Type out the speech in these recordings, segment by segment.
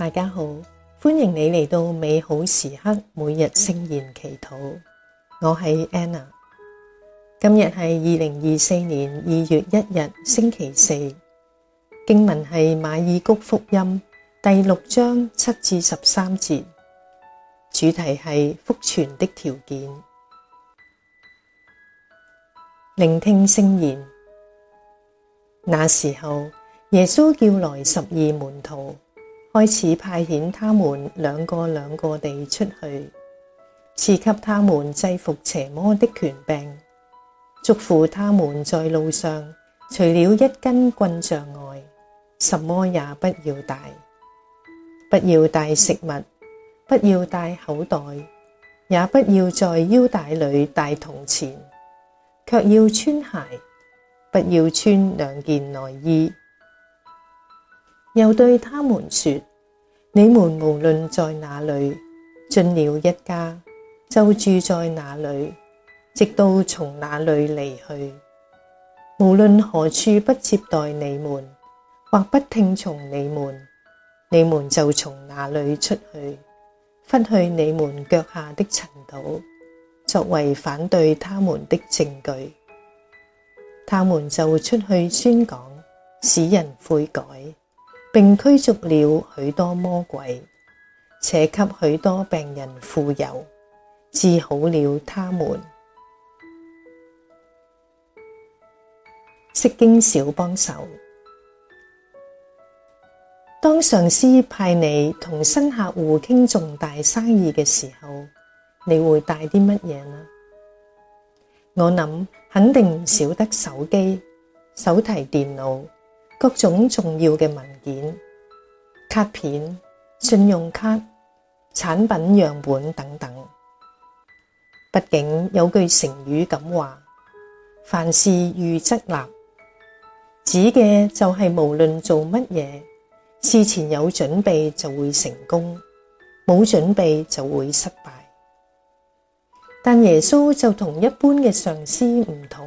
大家好，歡迎你嚟到美好時刻每日聖言祈禱。我係 Anna，今日係二零二四年二月一日星期四，經文係馬爾谷福音第六章七至十三節，主題係福傳的條件。聆聽聖言。那時候，耶穌叫來十二門徒。開始派遣他們兩個兩個地出去，賜給他們制伏邪魔的權柄，囑咐他們在路上除了一根棍杖外，什麼也不要帶，不要帶食物，不要帶口袋，也不要在腰帶裏帶銅錢，卻要穿鞋，不要穿兩件內衣。又對他們說：你們無論在哪裏進了一家，就住在哪裏，直到從哪裏離去。無論何處不接待你們，或不聽從你們，你們就從哪裏出去，拂去你們腳下的塵土，作為反對他們的證據。他們就出去宣講，使人悔改。並驅逐了許多魔鬼，且給許多病人傅油，治好了他們。釋經小幫手，當上司派你同新客戶傾重大生意嘅時候，你會帶啲乜嘢呢？我諗肯定唔少得手機、手提電腦。各種重要嘅文件、卡片、信用卡、產品樣本等等。畢竟有句成語咁話：凡事預則立，指嘅就係無論做乜嘢，事前有準備就會成功，冇準備就會失敗。但耶穌就同一般嘅上司唔同。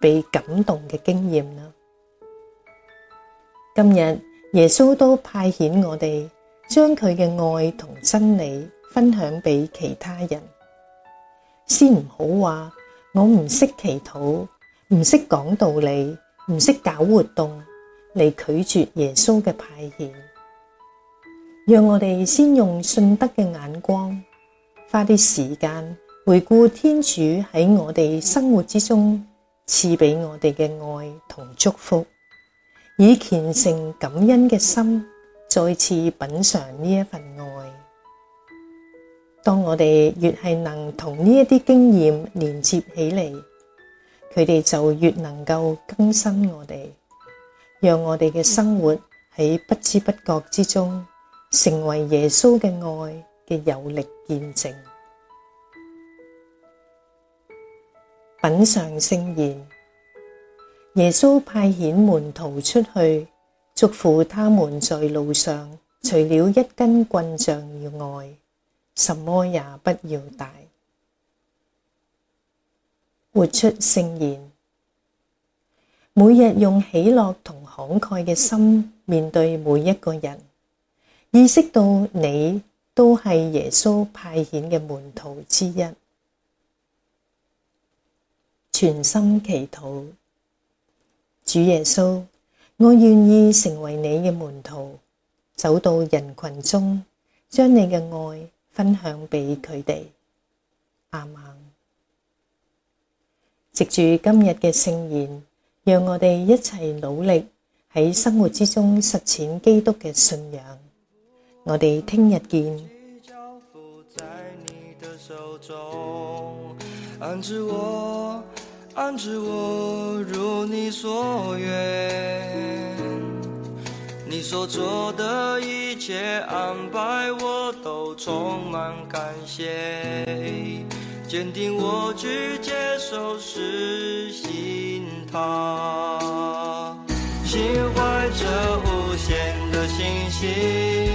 被感動嘅經驗啦。今日耶穌都派遣我哋將佢嘅愛同真理分享俾其他人。先唔好話我唔識祈禱，唔識講道理，唔識搞活動嚟，拒絕耶穌嘅派遣。讓我哋先用信德嘅眼光，花啲時間回顧天主喺我哋生活之中，賜俾我哋嘅愛同祝福，以虔誠感恩嘅心，再次品嘗呢一份愛。當我哋越係能同呢一啲經驗連接起嚟，佢哋就越能夠更新我哋，讓我哋嘅生活喺不知不覺之中，成為耶穌嘅愛嘅有力見證。品嚐聖言，耶穌派遣門徒出去，囑咐他們在路上，除了一根棍杖以外，什麼也不要帶。活出聖言，每日用喜樂同慷慨嘅心面對每一個人，意識到你都係耶穌派遣嘅門徒之一。全心祈禱，主耶穌，我願意成為你嘅門徒，走到人群中，將你嘅愛分享畀佢哋。阿們，藉住今日嘅聖言，讓我哋一齊努力喺生活之中實踐基督嘅信仰。我哋聽日見。安置我如你所願，你所做的一切安排我都充滿感謝，堅定我去接受是信他，心懷着無限的信心。